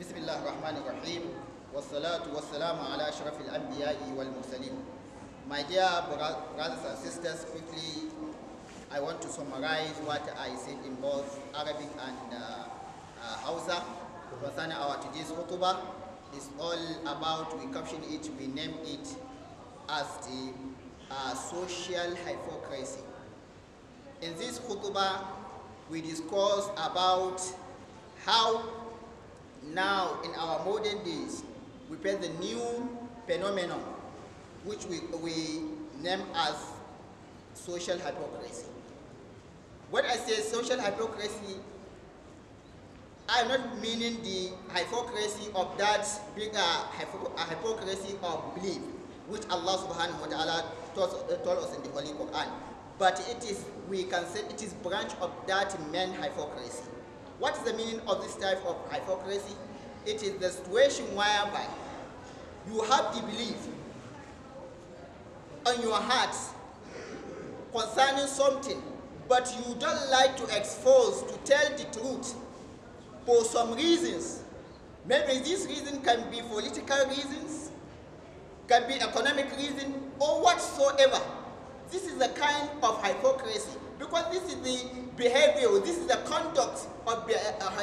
بسم الله الرحمن الرحيم والصلاة والسلام على شرف الأنبياء والمرسلين My dear brothers and sisters, quickly I want to summarize what I said in both Arabic and uh, uh, Hausa concerning our today's khutbah. It's all about, we caption it, we name it as the uh, social hypocrisy. In this khutbah, we discuss about how now in our modern days, we face the new phenomenon which we, we name as social hypocrisy. When I say social hypocrisy, I'm not meaning the hypocrisy of that bigger uh, hypocrisy of belief, which Allah subhanahu wa ta'ala told, uh, told us in the Holy Quran. But it is, we can say, it is branch of that man hypocrisy. What is the meaning of this type of hypocrisy? It is the situation whereby you have the belief on your heart concerning something, but you don't like to expose, to tell the truth for some reasons. Maybe this reason can be political reasons, can be economic reason, or whatsoever. This is a kind of hypocrisy because this is the behavior, this is the conduct of the uh,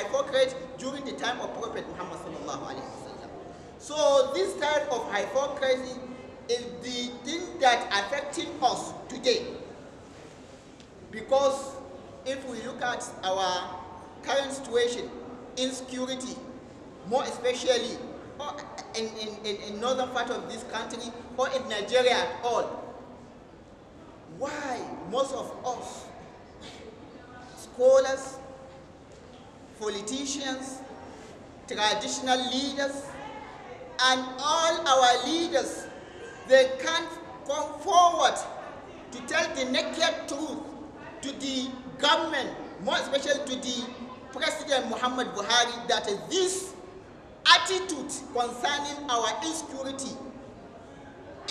hypocrite during the time of Prophet Muhammad sallallahu alaihi wasallam. So this type of hypocrisy is the thing that affecting us today. Because if we look at our current situation, insecurity, more especially in, in, in, northern part of this country or in Nigeria at all. Why most of us scholars, politicians, traditional leaders, and all our leaders, they can't come forward to tell the naked truth to the government, more especially to the President Muhammad Buhari, that this attitude concerning our insecurity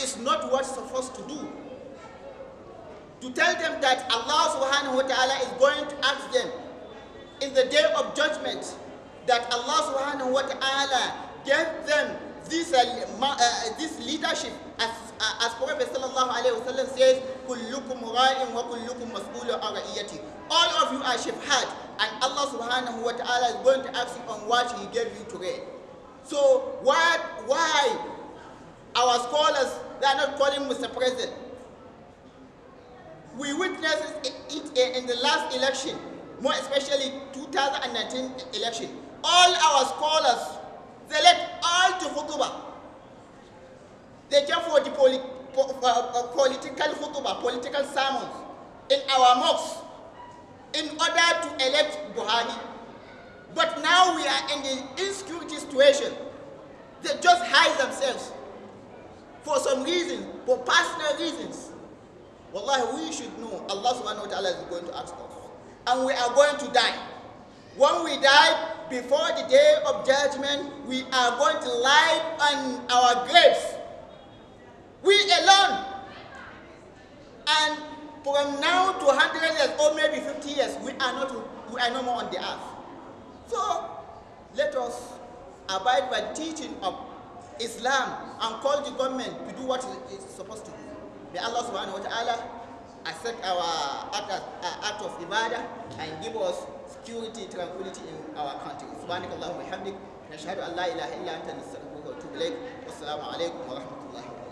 is not what's supposed to do to tell them that Allah subhanahu wa ta'ala is going to ask them in the day of judgment that Allah subhanahu wa ta'ala gave them this, uh, uh, this leadership as, uh, as Prophet sallallahu alayhi wa sallam says, كُلُّكُمْ رَائِمْ وَكُلُّكُمْ مَسْئُولُ أَرَئِيَتِهِ All of you are shepherd and Allah subhanahu wa ta'ala is going to ask you on what he gave you today. So what, why our scholars, they are not calling Mr. President, we witnessed it in the last election, more especially 2019 election. All our scholars, they led all to khutbah. They came for the poly, po, uh, uh political khutbah, political sermons in our mosques in order to elect Buhari. But now we are in the insecurity situation. They just hide themselves for some reason, for personal reasons. Wallahi, we should know Allah subhanahu wa ta'ala is going to ask us. And we are going to die. When we die, before the day of judgment, we are going to lie on our graves. We alone. And from now to 100 years or maybe 50 years, we are, not, we are no more on the earth. So let us abide by teaching of Islam and call the government to do what it's supposed to do. da Allah subhanahu wa ta'ala accept our act uh, of ibada and give us security tranquility in our country subhanahu wa ta'ala wa hamdik nashahadu an la ilaha illa anta nasta'inuka wa atubu ilayk wa alaikum wa rahmatullahi wa